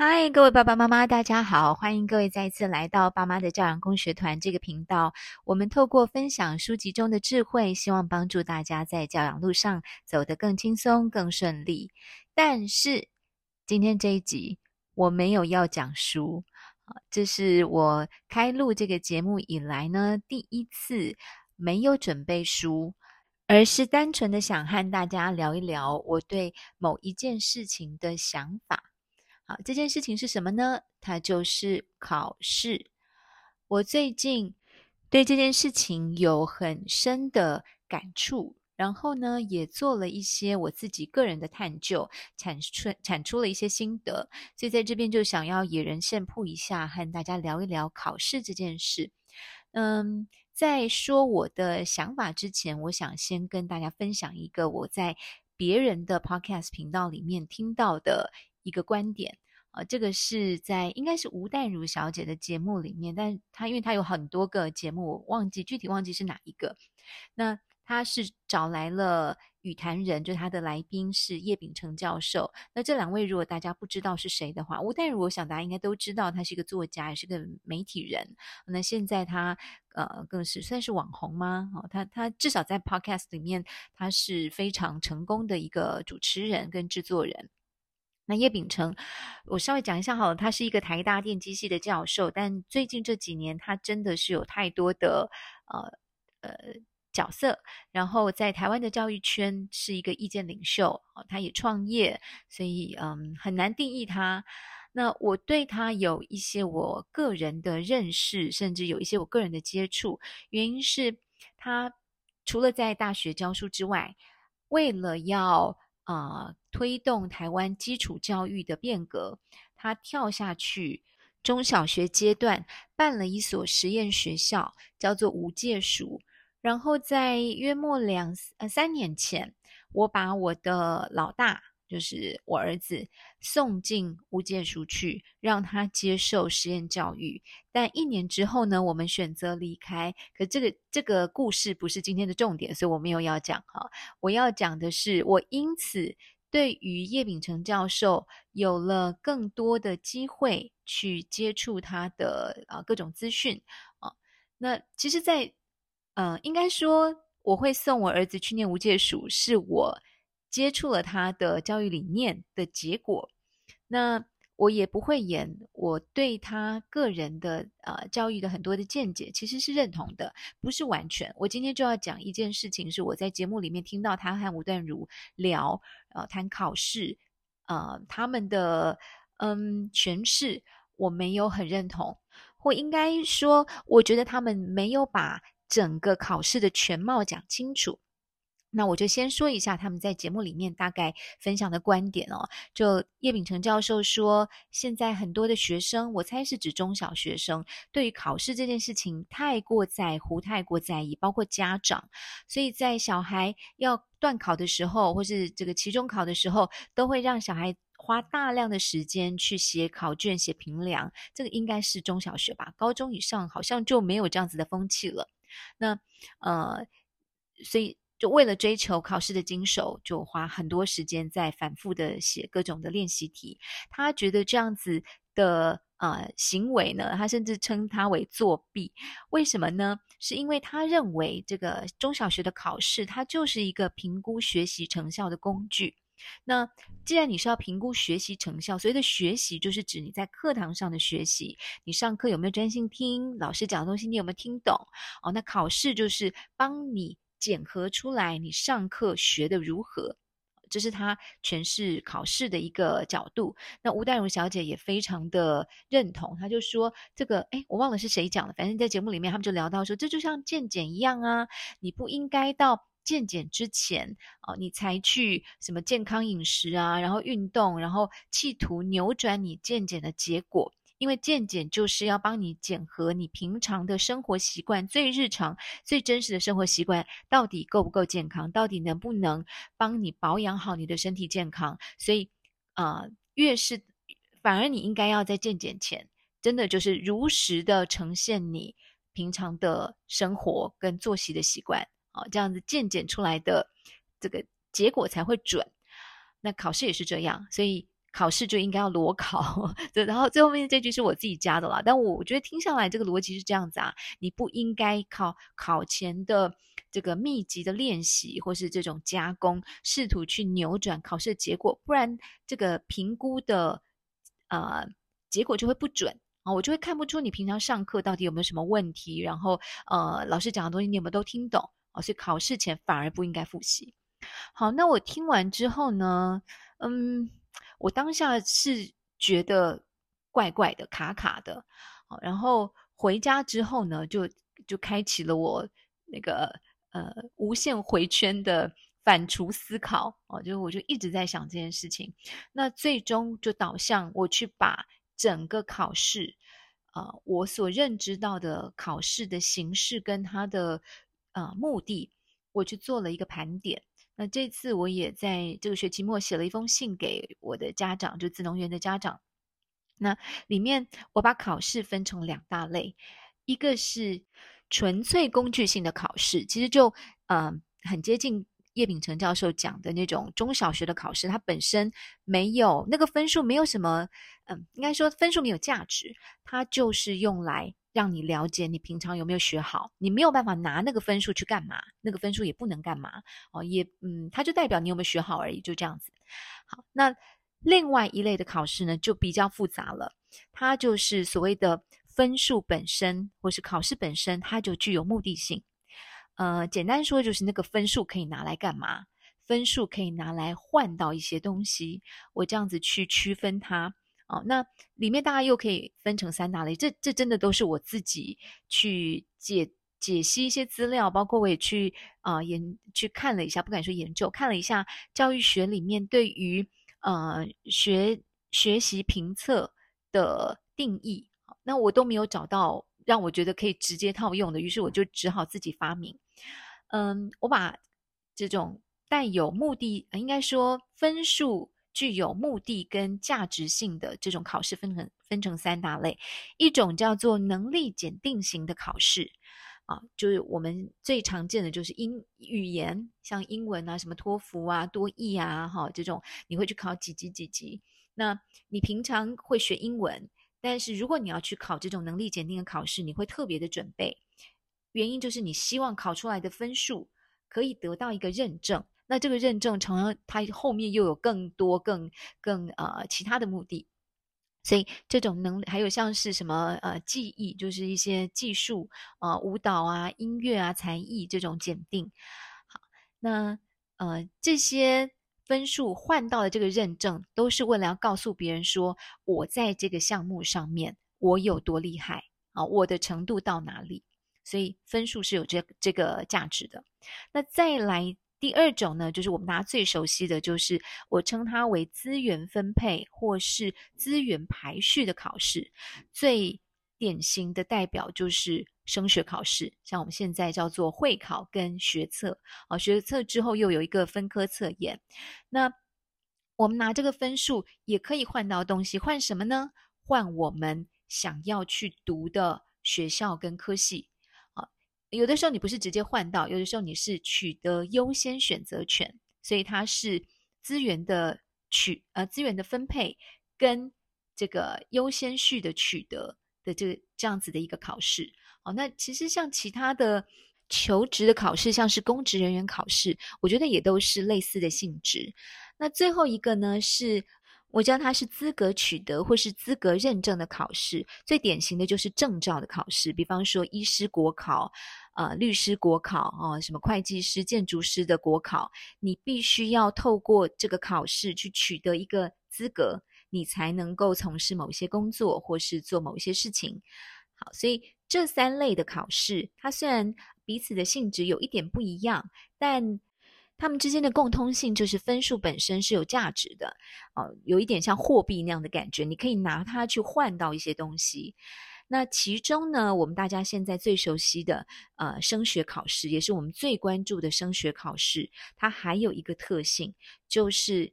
嗨，各位爸爸媽媽，大家好！歡迎各位再次來到《爸媽的教養共學團》這個頻道。我們透過分享書籍中的智慧，希望幫助大家在教養路上走得更輕鬆、更順利。但是今天這一集我沒有要講書，這是我開錄這個節目以來呢第一次沒有準備書，而是單純的想和大家聊一聊我對某一件事情的想法。啊，這件事情是什麼呢？它就是考試。我最近對這件事情有很深的感觸，然後呢，也做了一些我自己個人的探究，產出產出了一些心得。所以在這邊就想要野人獻曝一下，和大家聊一聊考試這件事。嗯，在說我的想法之前，我想先跟大家分享一個我在別人的 podcast 頻道裡面聽到的一個觀點，呃，這個是在應該是吳淡如小姐的節目裡面，但她因為她有很多個節目，我忘記具體忘記是哪一個。那她是找來了與談人，就她的來賓是葉丙成教授。那這兩位如果大家不知道是誰的話，吳淡如我想大家應該都知道，她是一個作家，也是個媒體人。那現在她呃更是算是網紅嗎？哦，她她至少在 podcast 裡面，她是非常成功的一個主持人跟製作人。那葉秉成，我稍微講一下好了，他是一個台大電機系的教授，但最近這幾年他真的是有太多的呃呃角色，然後在台灣的教育圈是一個意見領袖，他也創業，所以嗯很難定義他。那我對他有一些我個人的認識，甚至有一些我個人的接觸，原因是他除了在大學教書之外，為了要。啊、呃，推動台灣基礎教育的變革，他跳下去中小學階段辦了一所實驗學校，叫做無界塾。然後在約莫兩呃三年前，我把我的老大，就是我兒子送進無界塾去，讓他接受實驗教育。但一年之後呢，我們選擇離開。可這個這個故事不是今天的重點，所以我沒有要講哈、哦。我要講的是，我因此對於葉丙成教授有了更多的機會去接觸他的啊、呃、各種資訊啊、哦。那其實在，在呃，應該說我會送我兒子去念無界塾，是我。接觸了他的教育理念的結果，那我也不會演。我對他個人的呃，教育的很多的見解，其實是認同的，不是完全。我今天就要講一件事情，是我在節目裡面聽到他和吳淡如聊，呃，談考試，呃，他們的嗯詮釋，我沒有很認同，或應該說，我覺得他們沒有把整個考試的全貌講清楚。那我就先說一下他們在節目裡面大概分享的觀點哦。就葉丙成教授說，現在很多的學生，我猜是指中小學生，對於考試這件事情太過在乎、太過在意，包括家長。所以在小孩要段考的時候，或是這個期中考的時候，都會讓小孩花大量的時間去寫考卷、寫評量。這個應該是中小學吧，高中以上好像就沒有這樣子的風氣了。那呃，所以。就為了追求考試的精熟，就花很多時間在反覆的寫各種的練習題。他覺得這樣子的呃行為呢，他甚至稱它為作弊。為什麼呢？是因為他認為這個中小學的考試，它就是一個評估學習成效的工具。那既然你是要評估學習成效，所謂的學習就是指你在課堂上的學習，你上課有沒有專心聽老師講的東西，你有沒有聽懂？哦，那考試就是幫你。檢核出來，你上課學得如何？這是他詮釋考試的一個角度。那吳淡如小姐也非常的認同，她就說：“這個，哎，我忘了是誰講的，反正，在節目裡面他們就聊到說，這就像健檢一樣啊，你不應該到健檢之前啊、哦，你才去什麼健康飲食啊，然後運動，然後企圖扭轉你健檢的結果。”因為健檢就是要幫你檢核你平常的生活習慣，最日常、最真實的生活習慣到底夠不夠健康，到底能不能幫你保養好你的身體健康。所以，啊、呃，越是反而你應該要在健檢前，真的就是如實的呈現你平常的生活跟作息的習慣啊、哦，這樣子健檢出來的這個結果才會準。那考試也是這樣，所以。考試就應該要裸考，對。然後最後面這句是我自己加的啦，但我我覺得聽下來這個邏輯是這樣子啊，你不應該靠考，考前的這個密集的練習或是這種加工，試圖去扭轉考試的結果，不然這個評估的呃結果就會不準啊、哦，我就會看不出你平常上課到底有沒有什麼問題，然後呃老師講的東西你有沒有都聽懂啊、哦，所以考試前反而不應該複習。好，那我聽完之後呢，嗯。我當下是覺得怪怪的、卡卡的，然後回家之後呢，就就開啟了我那個呃無限回圈的反芻思考、呃，就我就一直在想這件事情，那最終就導向我去把整個考試啊、呃，我所認知到的考試的形式跟它的啊、呃，目的，我去做了一個盤點。那這次我也在這個學期末寫了一封信給我的家長，就子穠園的家長。那裡面我把考試分成兩大類，一個是純粹工具性的考試，其實就嗯、呃、很接近葉丙成教授講的那種中小學的考試，它本身沒有那個分數，沒有什麼嗯、呃，應該說分數沒有價值，它就是用來。讓你了解你平常有沒有學好，你沒有辦法拿那個分數去幹嘛，那個分數也不能幹嘛哦，也嗯，它就代表你有沒有學好而已，就這樣子。好，那另外一類的考試呢，就比較複雜了，它就是所謂的分數本身或是考試本身，它就具有目的性。呃，簡單說就是那個分數可以拿來幹嘛？分數可以拿來換到一些東西，我這樣子去區分它。哦，那裡面大家又可以分成三大類，這這真的都是我自己去解解析一些資料，包括我也去啊、呃、研去看了一下，不敢說研究，看了一下教育學裡面對於呃學學習評測的定義，那我都沒有找到讓我覺得可以直接套用的，於是我就只好自己發明。嗯，我把這種帶有目的，應該說分數。具有目的跟價值性的這種考試分成分成三大類，一種叫做能力檢定型的考試，啊，就是我們最常見的就是英語言，像英文啊，什麼托福啊、多益啊，哈，這種你會去考幾級幾級？那你平常會學英文，但是如果你要去考這種能力檢定的考試，你會特別的準備，原因就是你希望考出來的分數可以得到一個認證。那這個認證，常常它後面又有更多更、更、更呃其他的目的，所以這種能力還有像是什麼呃技藝，就是一些技術啊、呃、舞蹈啊、音樂啊、才藝這種鑑定。好，那呃這些分數換到了這個認證，都是為了要告訴別人說，我在這個項目上面我有多厲害啊、呃，我的程度到哪裡，所以分數是有這這個價值的。那再來。第二種呢，就是我們大家最熟悉的，就是我稱它為資源分配或是資源排序的考試。最典型的代表就是升學考試，像我們現在叫做會考跟學測。啊、哦，學測之後又有一個分科測驗。那我們拿這個分數也可以換到東西，換什麼呢？換我們想要去讀的學校跟科系。有的時候你不是直接換到，有的時候你是取得優先選擇權，所以它是資源的取呃資源的分配跟這個優先序的取得的這個這樣子的一個考試。好、哦，那其實像其他的求職的考試，像是公職人員考試，我覺得也都是類似的性質。那最後一個呢是。我叫它是資格取得或是資格認證的考試，最典型的就是證照的考試，比方說醫師國考、呃律師國考、呃、什麼會計師、建築師的國考，你必須要透過這個考試去取得一個資格，你才能夠從事某些工作或是做某些事情。好，所以這三類的考試，它雖然彼此的性質有一點不一樣，但他們之間的共通性就是分數本身是有價值的，呃，有一點像貨幣那樣的感覺，你可以拿它去換到一些東西。那其中呢，我們大家現在最熟悉的呃升學考試，也是我們最關注的升學考試，它還有一個特性，就是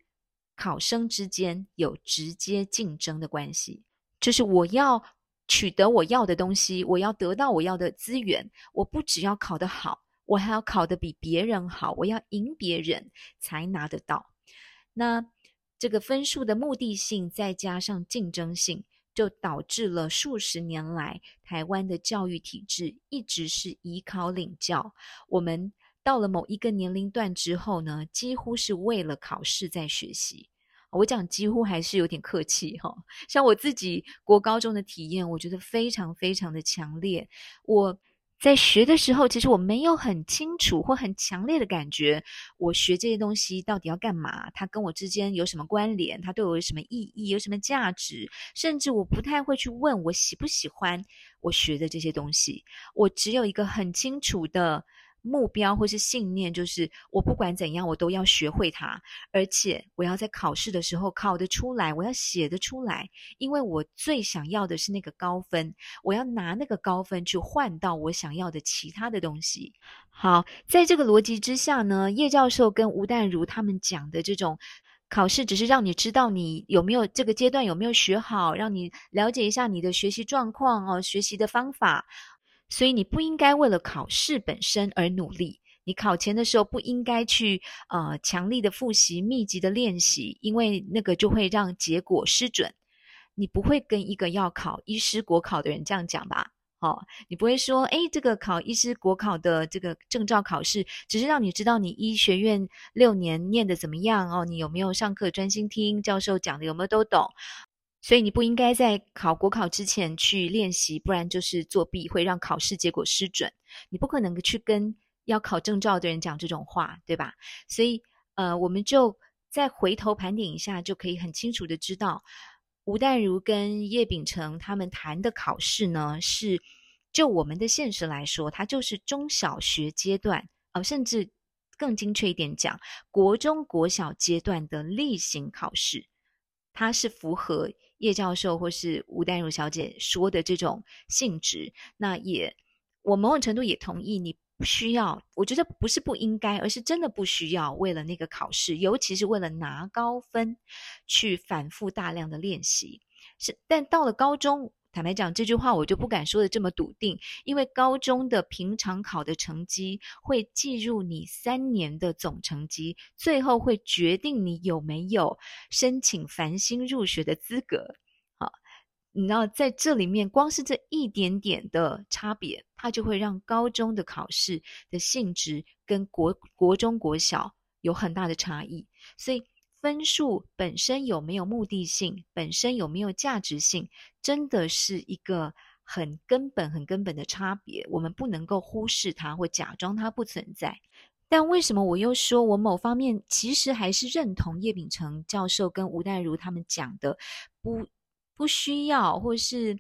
考生之間有直接競爭的關係，就是我要取得我要的東西，我要得到我要的資源，我不只要考得好。我還要考得比別人好，我要贏別人才拿得到。那這個分數的目的性，再加上競爭性，就導致了數十年來台灣的教育體制一直是以考領教。我們到了某一個年齡段之後呢，幾乎是為了考試在學習。我講幾乎還是有點客氣哈，哦，像我自己國高中的體驗，我覺得非常非常的強烈。我。在學的時候，其實我沒有很清楚或很強烈的感覺，我學這些東西到底要幹嘛？它跟我之間有什麼關聯？它對我有什麼意義？有什麼價值？甚至我不太會去問我喜不喜歡我學的這些東西。我只有一個很清楚的。目標或是信念，就是我不管怎樣，我都要學會它，而且我要在考試的時候考得出來，我要寫得出來，因為我最想要的是那個高分，我要拿那個高分去換到我想要的其他的東西。好，在這個邏輯之下呢，葉教授跟吳淡如他們講的這種考試，只是讓你知道你有沒有這個階段有沒有學好，讓你了解一下你的學習狀況哦，學習的方法。所以你不應該為了考試本身而努力。你考前的時候不應該去呃強力的復習、密集的練習，因為那個就會讓結果失準。你不會跟一個要考醫師國考的人這樣講吧？哦，你不會說，誒，這個考醫師國考的這個證照考試，只是讓你知道你醫學院六年念得怎麼樣哦，你有沒有上課專心聽教授講的，有沒有都懂。所以你不應該在考國考之前去練習，不然就是作弊，會讓考試結果失準。你不可能去跟要考證照的人講這種話，對吧？所以，呃，我們就再回頭盤點一下，就可以很清楚的知道，吳淡如跟葉丙成他們談的考試呢，是就我們的現實來說，它就是中小學階段，呃，甚至更精確一點講，國中、國小階段的例行考試。它是符合葉教授或是吳淡如小姐說的這種性質，那也我某種程度也同意，你不需要，我覺得不是不應該，而是真的不需要為了那個考試，尤其是為了拿高分，去反覆大量的練習，是但到了高中。坦白講，這句話我就不敢說的這麼篤定，因為高中的平常考的成績會計入你三年的總成績，最後會決定你有沒有申請繁星入學的資格。好、啊，你知道在這裡面，光是這一點點的差別，它就會讓高中的考試的性質跟國國中、國小有很大的差異，所以。分數本身有沒有目的性，本身有沒有價值性，真的是一個很根本、很根本的差別。我們不能夠忽視它，或假裝它不存在。但為什麼我又說我某方面其實還是認同葉秉成教授跟吳淡如他們講的，不不需要，或是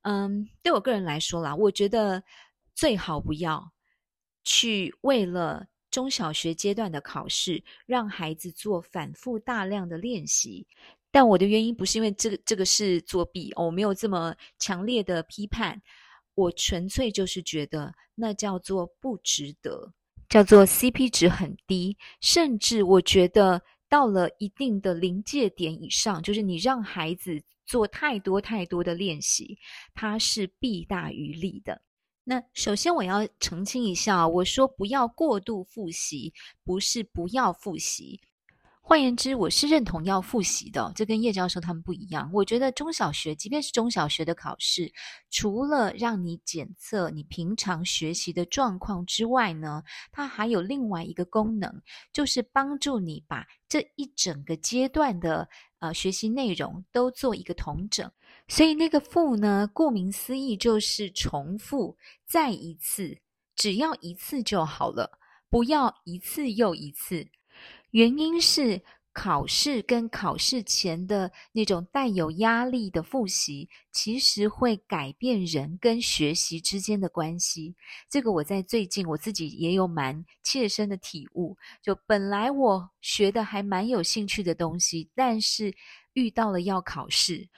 嗯，對我個人來說啦，我覺得最好不要去為了。中小學階段的考試，讓孩子做反覆大量的練習，但我的原因不是因為這個這個是作弊哦，我沒有這麼強烈的批判，我純粹就是覺得那叫做不值得，叫做 CP 值很低，甚至我覺得到了一定的臨界點以上，就是你讓孩子做太多太多的練習，它是弊大於利的。那首先我要澄清一下哦，我說不要過度複習，不是不要複習。換言之，我是認同要複習的哦，這跟葉教授他們不一樣。我覺得中小學，即便是中小學的考試，除了讓你檢測你平常學習的狀況之外呢，它還有另外一個功能，就是幫助你把這一整個階段的呃學習內容都做一個統整。所以那個復呢，顧名思義就是重複，再一次，只要一次就好了，不要一次又一次。原因是考試跟考試前的那種帶有壓力的複習，其實會改變人跟學習之間的關係。這個我在最近我自己也有蠻切身的體悟，就本來我學的還蠻有興趣的東西，但是遇到了要考試。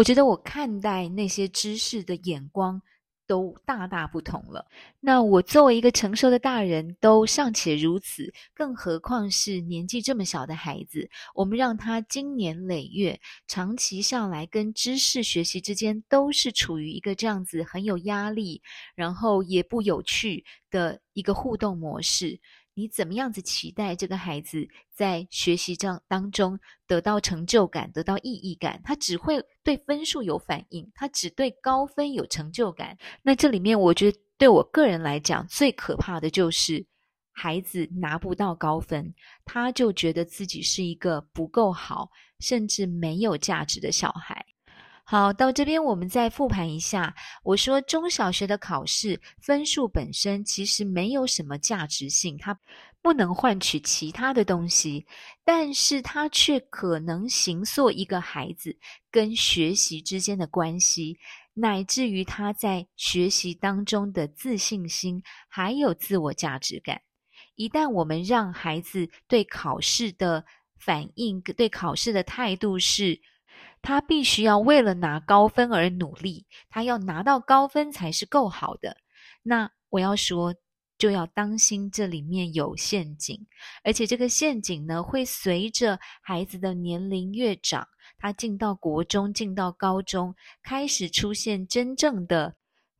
我覺得我看待那些知識的眼光都大大不同了。那我作為一個成熟的大人都尚且如此，更何況是年紀這麼小的孩子，我們讓他經年累月、長期下來跟知識學習之間，都是處於一個這樣子很有壓力，然後也不有趣的一個互動模式。你怎麼樣子期待這個孩子在學習這樣當中得到成就感、得到意義感？他只會對分數有反應，他只對高分有成就感。那這裡面，我覺得對我個人來講，最可怕的就是孩子拿不到高分，他就覺得自己是一個不夠好，甚至沒有價值的小孩。好，到這邊我們再復盤一下。我說中小學的考試分數本身其實沒有什麼價值性，它不能換取其他的東西，但是它卻可能形塑一個孩子跟學習之間的關係，乃至於他在學習當中的自信心還有自我價值感。一旦我們讓孩子對考試的反應、對考試的態度是，他必須要為了拿高分而努力，他要拿到高分才是夠好的。那我要說，就要當心這裡面有陷阱，而且這個陷阱呢，會隨着孩子的年齡越長，他進到國中、進到高中，開始出現真正的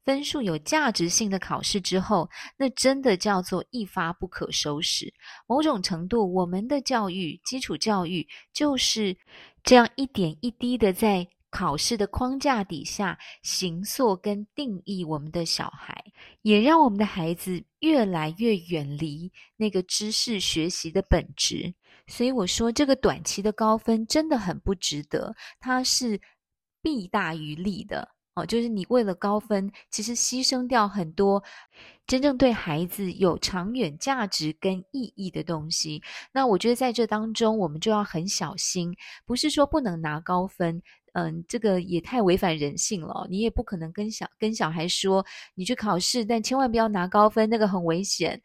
分數有價值性的考試之後，那真的叫做一發不可收拾。某種程度，我們的教育，基礎教育就是。這樣一點一滴的在考試的框架底下形塑跟定義我們的小孩，也讓我們的孩子越來越遠離那個知識學習的本質。所以我說，這個短期的高分真的很不值得，它是弊大於利的。哦，就是你為了高分，其實犧牲掉很多真正對孩子有長遠價值跟意義的東西，那我覺得在這當中，我們就要很小心。不是說不能拿高分，嗯，這個也太違反人性了。你也不可能跟小跟小孩說，你去考試，但千萬不要拿高分，那個很危險。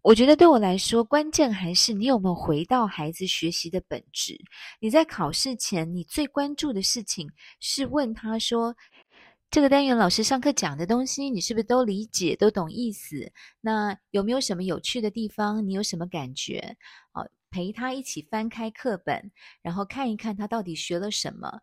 我覺得對我來說，關鍵還是你有沒有回到孩子學習的本質。你在考試前，你最關注的事情是問他說，這個單元老師上課講的東西，你是不是都理解、都懂意思？那有沒有什麼有趣的地方？你有什麼感覺？哦，陪他一起翻開課本，然後看一看他到底學了什麼。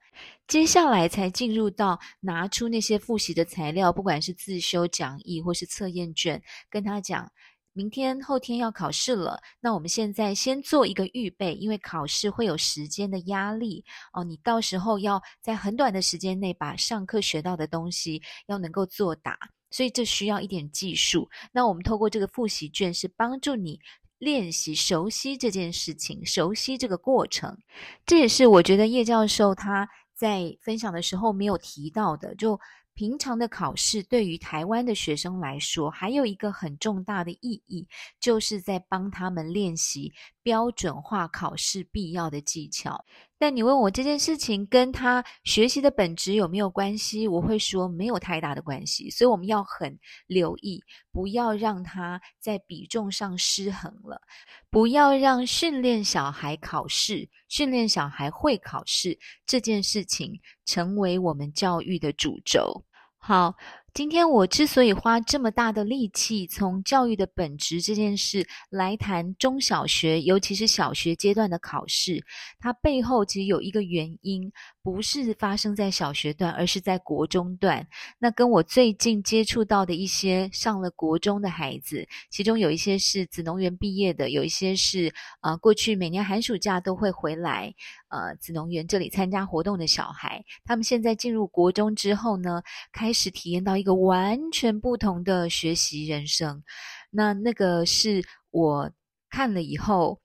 接下來才進入到拿出那些複習的材料，不管是自修講義或是測驗卷，跟他講。明天、後天要考試了，那我們現在先做一個預備，因為考試會有時間的壓力哦。你到時候要在很短的時間內把上課學到的東西要能夠作答，所以這需要一點技術。那我們透過這個複習卷是幫助你練習、熟悉這件事情，熟悉這個過程。這也是我覺得葉教授他在分享的時候沒有提到的，就。平常的考試對於台灣的學生來說，還有一個很重大的意義，就是在幫他們練習標準化考試必要的技巧。但你問我這件事情跟他學習的本質有沒有關係，我會說沒有太大的關係。所以我們要很留意，不要讓他在比重上失衡了，不要讓訓練小孩考試、訓練小孩會考試這件事情成為我們教育的主軸。好，今天我之所以花這麼大的力氣，從教育的本質這件事來談中小學，尤其是小學階段的考試，它背後其實有一個原因，不是發生在小學段，而是在國中段。那跟我最近接觸到的一些上了國中的孩子，其中有一些是子穠園畢業的，有一些是啊、呃，過去每年寒暑假都會回來。呃，子穠園這裡參加活動的小孩，他們現在進入國中之後呢，開始體驗到一個完全不同的學習人生。那那個是我看了以後，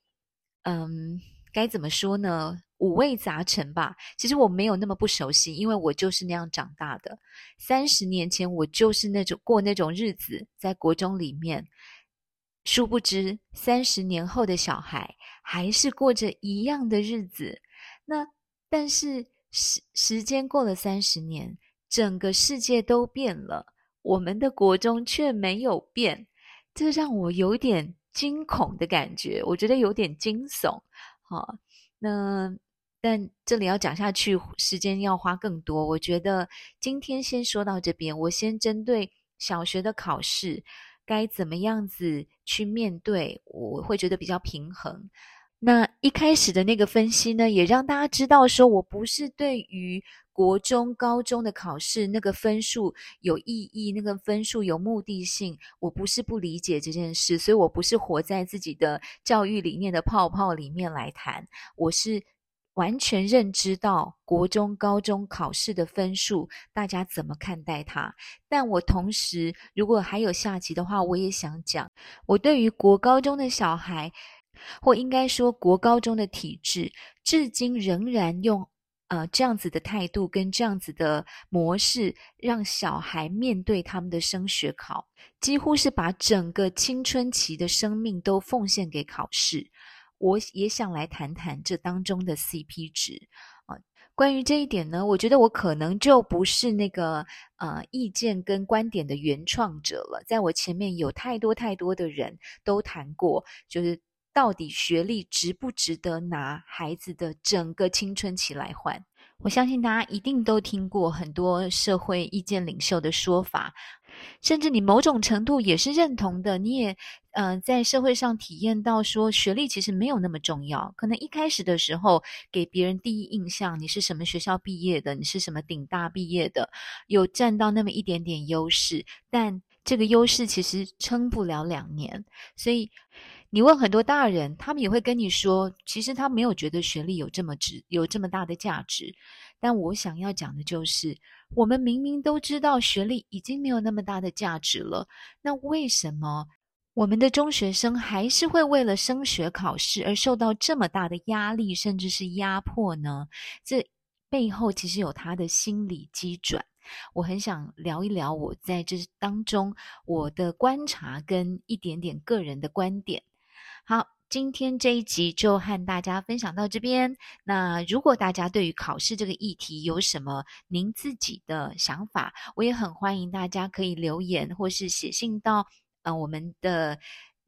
嗯，該怎麼說呢？五味雜陳吧。其實我沒有那麼不熟悉，因為我就是那樣長大的。三十年前，我就是那種過那種日子，在國中裡面。殊不知，三十年後的小孩還是過着一樣的日子。那但是時時間過了三十年，整個世界都變了，我們的國中卻沒有變，這讓我有點驚恐的感覺，我覺得有點驚悚。好、哦，那但這裡要講下去，時間要花更多。我覺得今天先說到這邊，我先針對小學的考試該怎麼樣子去面對，我會覺得比較平衡。那一開始的那個分析呢，也讓大家知道，說我不是對於國中、高中的考試那個分數有意義，那個分數有目的性，我不是不理解這件事，所以我不是活在自己的教育理念的泡泡裡面來談，我是完全認知到國中、高中考試的分數，大家怎麼看待它？但我同時，如果還有下集的話，我也想講，我對於國高中的小孩。或應該說，國高中的體制至今仍然用呃這樣子的態度跟這樣子的模式，讓小孩面對他們的升學考，幾乎是把整個青春期的生命都奉獻給考試。我也想來談談這當中的 CP 值啊，呃。關於這一點呢，我覺得我可能就不是那個呃意見跟觀點的原創者了，在我前面有太多太多的人都談過，就是。到底學歷值不值得拿孩子的整個青春期來換？我相信大家一定都聽過很多社會意見領袖的說法，甚至你某種程度也是認同的。你也嗯、呃，在社會上體驗到說，學歷其實沒有那麼重要。可能一開始的時候給別人第一印象，你是什麼學校畢業的，你是什麼頂大畢業的，有佔到那麼一點點優勢，但這個優勢其實撐不了兩年，所以。你問很多大人，他們也會跟你說，其實他沒有覺得學歷有這麼值，有這麼大的價值。但我想要講的就是，我們明明都知道學歷已經沒有那麼大的價值了，那為什麼我們的中學生還是會為了升學考試而受到這麼大的壓力，甚至是壓迫呢？這背後其實有他的心理機轉。我很想聊一聊我在這當中我的觀察跟一點點個人的觀點。好，今天這一集就和大家分享到這邊。那如果大家對於考試這個議題有什麼您自己的想法，我也很歡迎大家可以留言或是寫信到，呃，我們的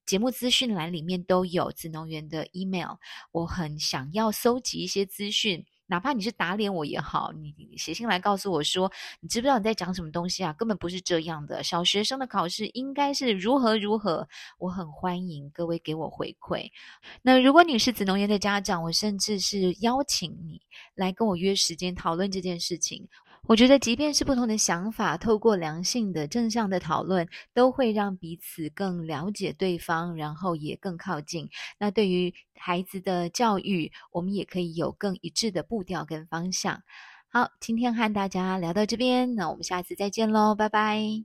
節目資訊欄裡面都有子穠園的 email，我很想要蒐集一些資訊。哪怕你是打臉我也好，你寫信來告訴我說，你知不知道你在講什麼東西啊？根本不是這樣的，小學生的考試應該是如何如何。我很歡迎各位給我回饋。那如果你是子穠園的家長，我甚至是邀請你來跟我約時間討論這件事情。我覺得，即便是不同的想法，透過良性的、正向的討論，都會讓彼此更了解對方，然後也更靠近。那對於孩子的教育，我們也可以有更一致的步調跟方向。好，今天和大家聊到這邊，那我們下次再見嘍，拜拜。